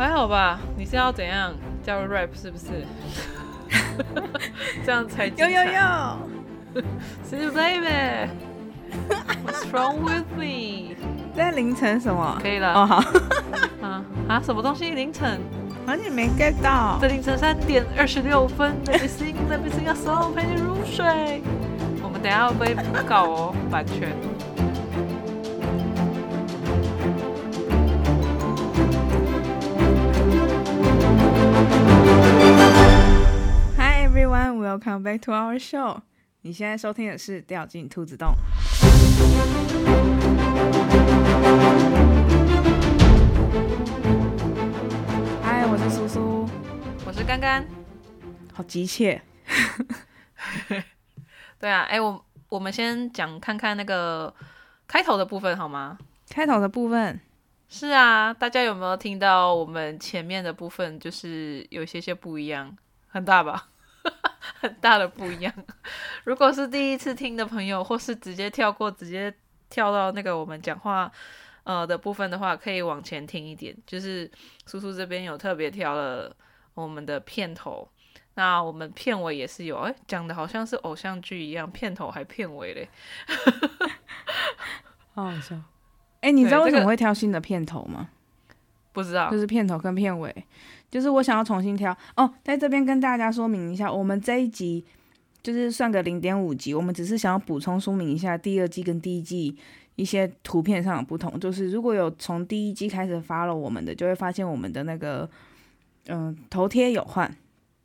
還好吧，你是要怎樣加入 rap 是不是？ 這樣才有有有 ，See you, baby，What's wrong with me？在凌晨什麼？可以了哦好。啊啊什麼東西？凌晨？好你沒 get 到。在凌晨三點二十六分，The missing，The missing song 陪你入睡。我們等一下要背稿哦，版權。Welcome back to our show。 你現在收聽的是《掉進兔子洞》。嗨，我是蘇蘇，我是干干。好急切。 對啊，哎、欸，我我們先講看看那個開頭的部分好嗎？開頭的部分。是啊，大家有沒有聽到我們前面的部分？就是有些些不一樣，很大吧？很大的不一樣。 如果是第一次聽的朋友，或是直接跳過，直接跳到那個我們講話呃的部分的話，可以往前聽一點。就是叔叔這邊有特別挑了我們的片頭，那我們片尾也是有，誒講的好像是偶像劇一樣，片頭還片尾嘞，好好笑。， 哎、欸，你知道為什麼會挑新的片頭嗎？不知道，就是片頭跟片尾。就是我想要重新挑哦，在這邊跟大家說明一下，我們這一集就是算個零點五集，我們只是想要補充說明一下第二季跟第一季一些圖片上的不同。就是如果有從第一季開始 follow 我們的，就會發現我們的那個嗯頭貼有換，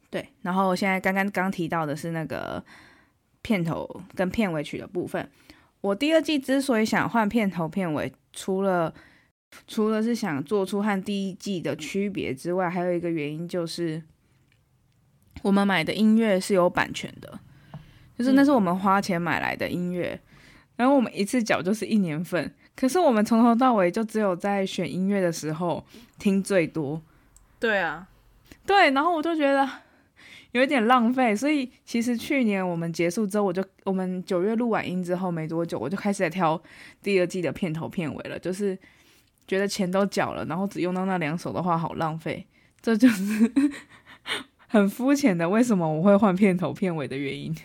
對。然後現在剛剛剛提到的是那個片頭跟片尾曲的部分。我第二季之所以想換片頭片尾，除了除了是想做出和第一季的區別之外，還有一個原因就是，我們買的音樂是有版權的。嗯，就是那是我們花錢買來的音樂，然後我們一次繳就是一年份，可是我們從頭到尾就只有在選音樂的時候聽最多，對啊，對，然後我就覺得有一點浪費，所以其實去年我們結束之後我，我就我們九月錄完音之後沒多久，我就開始在挑第二季的片頭片尾了，就是。覺得錢都繳了，然後只用到那兩首的話，好浪費。這就是很膚淺的，為什麼我會換片頭片尾的原因？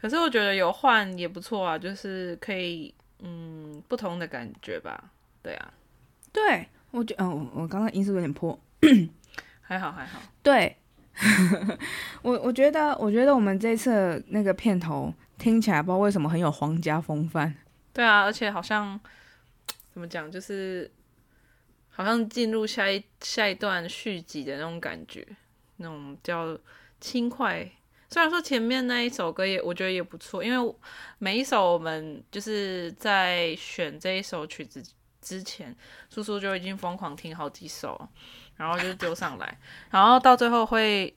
可是我覺得有換也不錯啊，就是可以嗯，不同的感覺吧。對啊，對我覺嗯、哦，我剛剛音色有點破， 還好還好。對， 我我覺得我覺得我們這次那個片頭聽起來不知道為什麼很有皇家風範。對啊，而且好像怎麼講就是。好像進入下一下一段續集的那種感覺，那種叫輕快。雖然說前面那一首歌也，我覺得也不錯，因為每一首我們就是在選這一首曲子之前，蘇蘇就已經瘋狂聽好幾首，然後就丟上來，然後到最後會，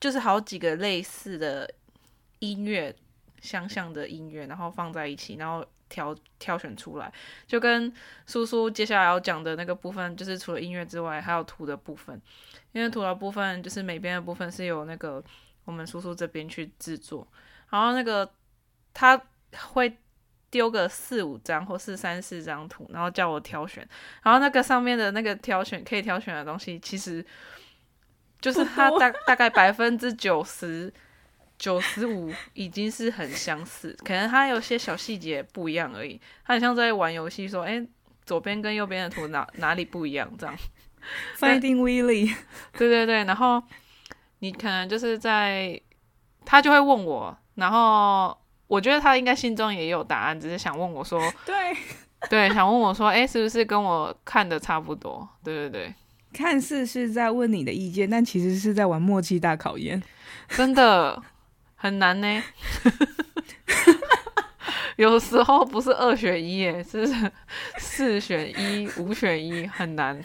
就是好幾個類似的音樂，相像的音樂，然後放在一起，然後。挑挑選出來，就跟叔叔接下來要講的那個部分，就是除了音樂之外，還有圖的部分。因為圖的部分就是美編的部分，是由那個我們叔叔這邊去製作。然後那個他會丟個四五張或是三四張圖，然後叫我挑選。然後那個上面的那個挑選可以挑選的東西，其實就是他大大，大概百分之九十。九十五已經是很相似，可能他有些小細節不一樣而已。他很像在玩遊戲，說：“哎，左邊跟右邊的圖哪哪裡不一樣？”這樣。Finding Willy。對對對，然後你可能就是在他就會問我，然後我覺得他應該心中也有答案，只是想問我說：“對，對，想問我說，哎，是不是跟我看的差不多？”對對對，看似是在問你的意見，但其實是在玩默契大考驗，真的。很難呢， 有時候不是二選一，誒，是四選一、 五選一，很難。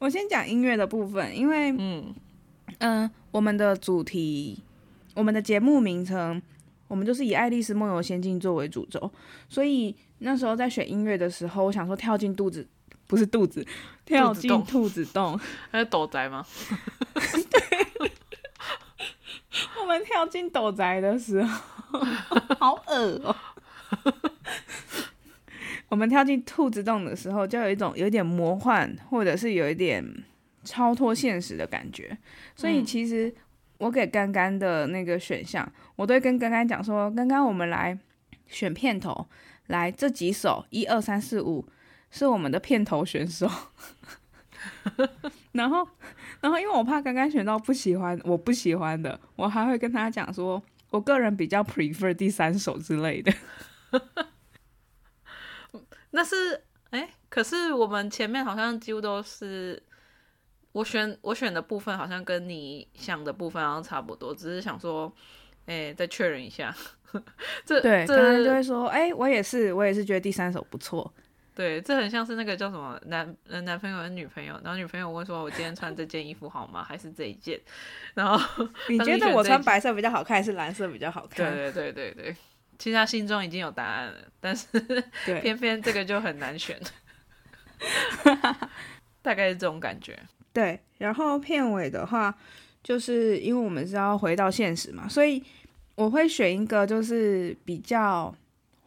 我先講音樂的部分，因為嗯嗯、呃，我們的主題、我們的節目名稱，我們就是以《愛麗絲夢遊仙境》作為主軸，所以那時候在選音樂的時候，我想說跳進肚子，不是肚子，跳進兔子洞，肚子洞，還是躲宅嗎？ 對我們跳進鬥宅的時候， 好噁、喔，好惡哦！我們跳進兔子洞的時候，就有一種有點魔幻，或者是有一點超脫現實的感覺。所以，其實我給剛剛的那個選項，我都會跟剛剛講說，剛剛我們來選片頭，來這幾首一二三四五是我們的片頭選手。 然後，然後，因為我怕剛剛選到不喜歡，我不喜歡的，我還會跟他講說，我個人比較 prefer 第三首之類的。 那是，哎、欸，可是我們前面好像幾乎都是我選，我選的部分好像跟你想的部分好像差不多，只是想說，哎、欸，再確認一下。 這，對這剛剛就會說，哎、欸，我也是，我也是覺得第三首不錯。對，這很像是那個叫什麼男，呃、男朋友跟女朋友，然後女朋友問說：“我今天穿這件衣服好嗎？ 還是這一件？”然後你覺得我，我穿白色比較好看，還是藍色比較好看？對對對對對，其實他心中已經有答案了，但是偏偏這個就很難選， 大概是這種感覺。對，然後片尾的話，就是因為我們是要回到現實嘛，所以我會選一個就是比較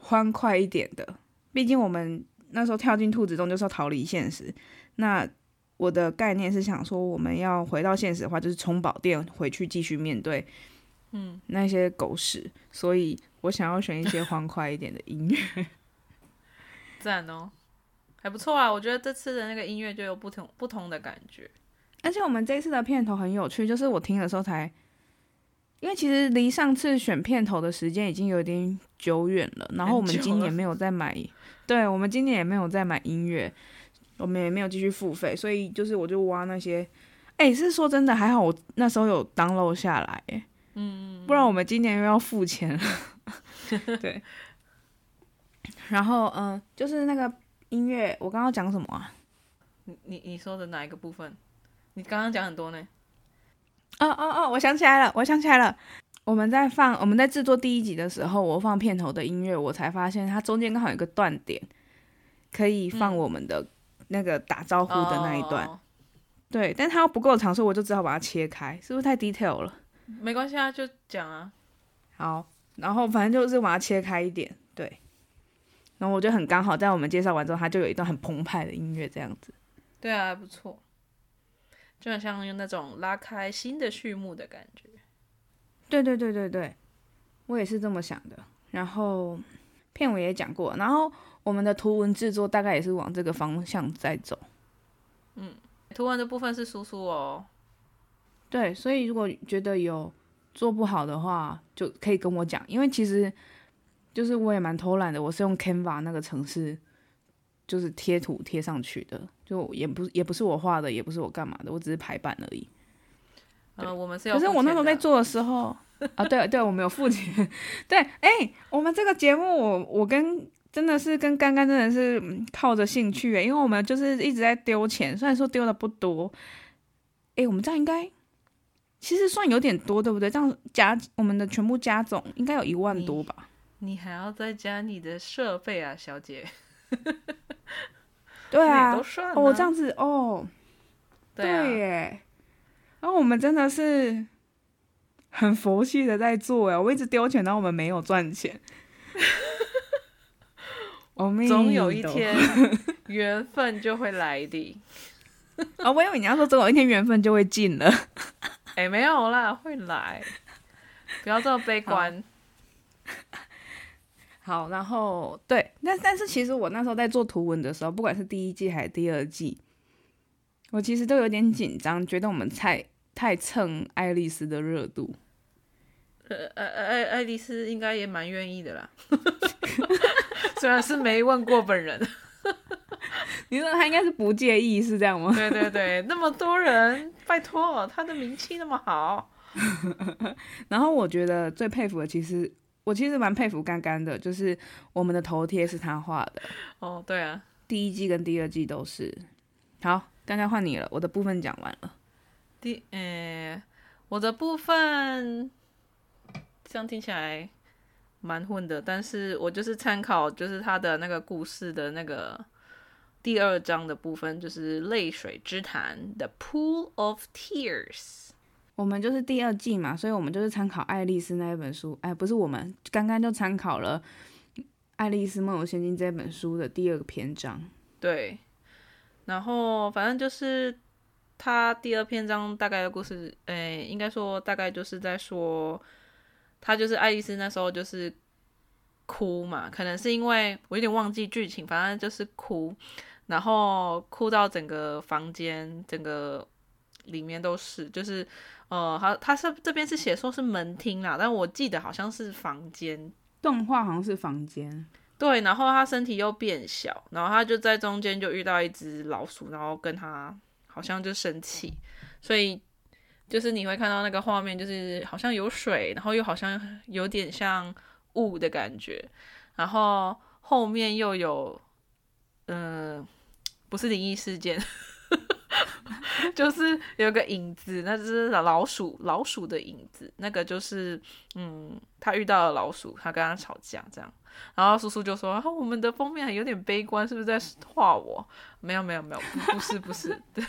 歡快一點的，畢竟我們。那時候跳進兔子洞就是要逃離現實。那我的概念是想說，我們要回到現實的話，就是充飽電回去繼續面對，嗯，那些狗屎。所以我想要選一些歡快一點的音樂。讚 哦，還不錯啊！我覺得這次的那個音樂就有不同不同的感覺。而且我們這次的片頭很有趣，就是我聽的時候才。因為其實離上次選片頭的時間已經有點久遠了，然後我們今年沒有再買，對，我們今年也沒有再買音樂，我們也沒有繼續付費，所以就是我就挖那些，哎，是說真的，還好我那時候有 download 下來，誒、嗯嗯嗯，不然我們今年又要付錢了。 對。 然後嗯、呃，就是那個音樂，我剛剛講什麼啊？你你你說的哪一個部分？你剛剛講很多呢。哦哦哦！我想起來了，我想起來了。我們在放我們在制作第一集的時候，我放片頭的音樂，我才發現它中間剛好有一個斷點，可以放我們的那個打招呼的那一段。嗯、對，但它要不夠長，所以我就只好把它切開。是不是太 detail 了？沒關係啊，就講啊。好，然後反正就是把它切開一點。對。然後我就很剛好，在我們介紹完之後，它就有一段很澎湃的音樂這樣子。對啊，還不錯。就好像用那種拉開新的序幕的感覺，對對對對對，我也是這麼想的。然後片尾也講過，然後我們的圖文製作大概也是往這個方向在走。嗯，圖文的部分是叔叔哦。對，所以如果覺得有做不好的話，就可以跟我講，因為其實就是我也蠻偷懶的，我是用 Canva 那個程式。就是貼圖貼上去的，就也不也不是我畫的，也不是我幹嘛的，我只是排版而已。呃、嗯，我們是有，可是我那時候在做的時候 啊，對對，我沒有付錢。 對，哎、欸，我們這個節目，我我跟真的是跟剛剛真的是靠着興趣、欸、因為我們就是一直在丟錢，雖然說丟的不多，哎、欸，我們這樣應該其實算有點多，對不對？這樣加我們的全部加總應該有一萬多吧？你、你還要再加你的設備啊，小姐。 對啊，哦，這樣子哦對、啊，對耶，然、哦、我們真的是很佛系的在做哎，我一直丟錢，但我們沒有賺錢，我 總有一天緣分就會來的。啊、 哦，我以為你要說總有一天緣分就會盡了，哎、 欸，沒有啦，會來，不要這麼悲觀。好，然後對，但是但是其實我那時候在做圖文的時候，不管是第一季還是第二季，我其實都有點緊張，覺得我們太太蹭愛麗絲的熱度。呃，呃，愛愛麗絲應該也蠻願意的啦， 雖然是沒問過本人。 你說他應該是不介意，是這樣嗎？ 對對對，那麼多人，拜託，他的名氣那麼好。 然後我覺得最佩服的其實。我其實蠻佩服干干的，就是我們的頭貼是他畫的。哦、oh，對啊，第一季跟第二季都是。好，剛剛換你了，我的部分講完了。第，呃，我的部分，這樣聽起來蠻混的，但是我就是參考，就是他的那個故事的那個第二章的部分，就是淚水之潭的 Pool of Tears。我們就是第二季嘛，所以我們就是參考《愛麗絲》那一本書。哎，不是，我們剛剛就參考了《愛麗絲夢遊仙境》這本書的第二個篇章。對，然後反正就是他第二篇章大概的故事，哎、欸，應該說大概就是在說，他就是愛麗絲那時候就是哭嘛，可能是因為我有點忘記劇情，反正就是哭，然後哭到整個房間，整個。裡面都是，就是，呃，好，他是這邊是寫說是門廳啦，但我記得好像是房間，動畫好像是房間，對，然後他身體又變小，然後他就在中間就遇到一隻老鼠，然後跟他好像就生氣，所以就是你會看到那個畫面，就是好像有水，然後又好像有點像霧的感覺，然後後面又有，嗯、呃，不是靈異事件。就是有個影子，那隻老鼠，老鼠的影子，那個就是，嗯，他遇到了老鼠，他跟他吵架這樣，然後叔叔就說：“啊、我們的封面還有點悲觀，是不是在畫我？”沒有沒有沒有，不是不是，對，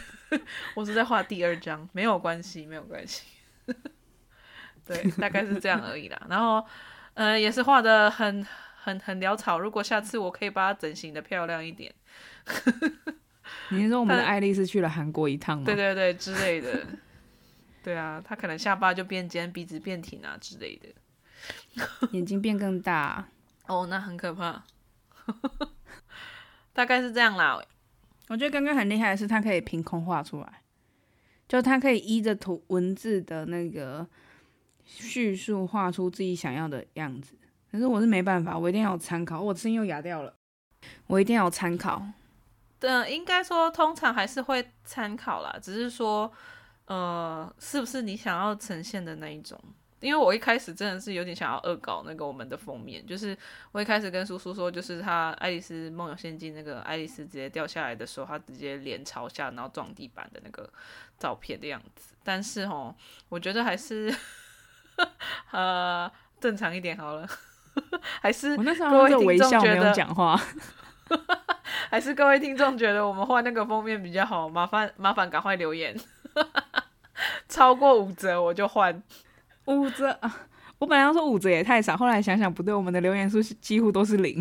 我是在畫第二張，沒有關係沒有關係， 對，大概是這樣而已啦。然後，嗯、呃，也是畫得很很很潦草，如果下次我可以把它整形得漂亮一點。 你是說我們的愛麗絲去了韓國一趟嗎？對對對，之類的。 對啊，她可能下巴就變尖，鼻子變挺啊之類的， 眼睛變更大啊。哦、oh，那很可怕。 大概是這樣啦。我覺得剛剛很厲害的是，他可以憑空畫出來，就他可以依着圖文字的那個敘述畫出自己想要的樣子。可是我是沒辦法，我一定要有參考。我聲音又啞掉了，我一定要有參考。對、嗯，應該說通常還是會參考啦，只是說，呃，是不是你想要呈現的那一種？因為我一開始真的是有點想要惡搞那個我們的封面，就是我一開始跟叔叔說，就是他《愛麗絲夢遊仙境》那個愛麗絲直接掉下來的時候，他直接臉朝下，然後撞地板的那個照片的樣子。但是哦，我覺得還是， 呃，正常一點好了。 還是，我那時候在微笑，沒有講話。 還是各位聽眾覺得我們換那個封面比較好？麻煩麻煩，趕快留言， 超過五折我就換五折啊！我本來要說五折也太少，後來想想不對，我們的留言數幾乎都是零。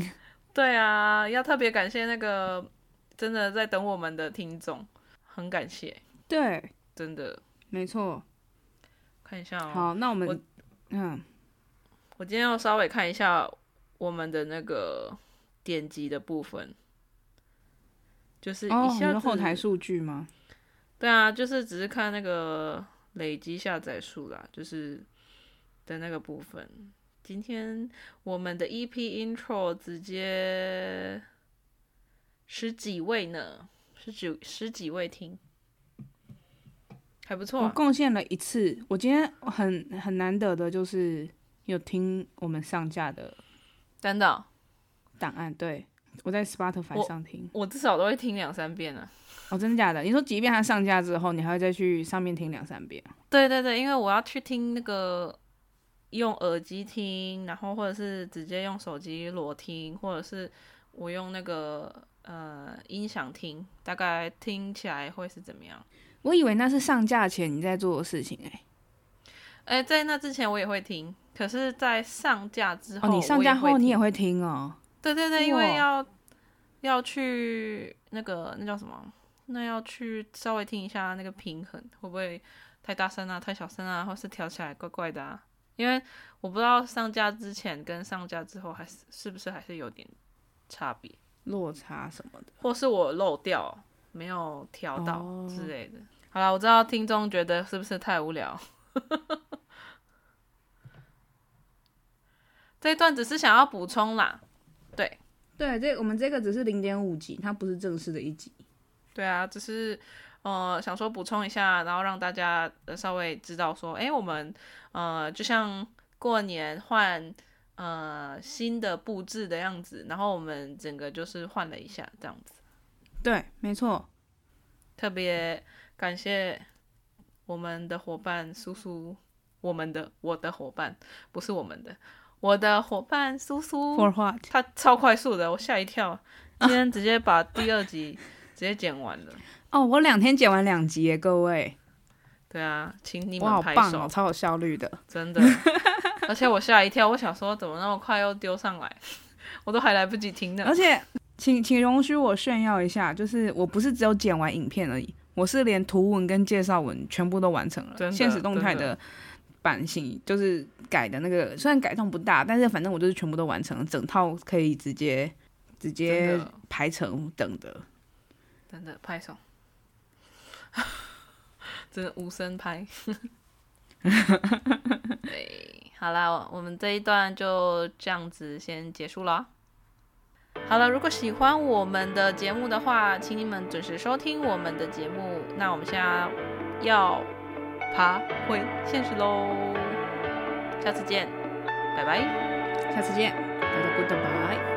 對啊，要特別感謝那個真的在等我們的聽眾，很感謝。對，真的沒錯。看一下哦，好，那我們我嗯，我今天要稍微看一下我們的那個點擊的部分。就是一下子，哦，有有後台數據嗎？對啊，就是只是看那個累積下載數啦，就是的那個部分。今天我們的 EP intro 直接十幾位呢，十幾十幾位聽還不錯，啊，我貢獻了一次。我今天很很難得的就是有聽我們上架的，真的檔案，對。我在 Spotify 上聽我，我至少都會聽兩三遍啊！哦，真的假的？你說即便它上架之後，你還會再去上面聽兩三遍？對對對，因為我要去聽那個用耳機聽，然後或者是直接用手機裸聽，或者是我用那個呃音響聽，大概聽起來會是怎麼樣？我以為那是上架前你在做的事情誒、欸、誒、欸，在那之前我也會聽，可是，在上架之後、哦，你上架後也你也會聽哦。對對對，因為要、oh. 要去那個那叫什麼？那要去稍微聽一下那個平衡會不會太大聲啊、太小聲啊，或是調起來怪怪的啊？因為我不知道上架之前跟上架之後還是是不是還是有點差別、落差什麼的，或是我漏掉沒有調到之類的。Oh. 好啦，我知道聽眾覺得是不是太無聊？ 這一段只是想要補充啦。對，這我們這個只是零點五集，它不是正式的一集。對啊，只是呃，想說補充一下，然後讓大家稍微知道說，哎，我們呃，就像過年換呃新的布置的樣子，然後我們整個就是換了一下這樣子。對，沒錯。特別感謝我們的夥伴叔叔，我們的我的夥伴，不是我們的。我的夥伴蘇蘇，他超快速的，我嚇一跳，今天直接把第二集直接剪完了。哦、oh，我兩天剪完兩集耶，各位。對啊，請你們拍手。我好棒，哦、超有效率的， 真的。而且我嚇一跳，我想說怎麼那麼快又丟上來， 我都還來不及聽呢。而且，請請容許我炫耀一下，就是我不是只有剪完影片而已，我是連圖文跟介紹文全部都完成了，限時動態的，的。版型就是改的那個，雖然改動不大，但是反正我就是全部都完成，整套可以直接直接排成等的，真的拍手，等等 真的無聲拍。 對，好了，我們這一段就這樣子先結束了。好了，如果喜歡我們的節目的話，請你們準時收聽我們的節目。那我們現在要。爬回現實嘍，下次見，拜拜，下次見，大家 goodbye。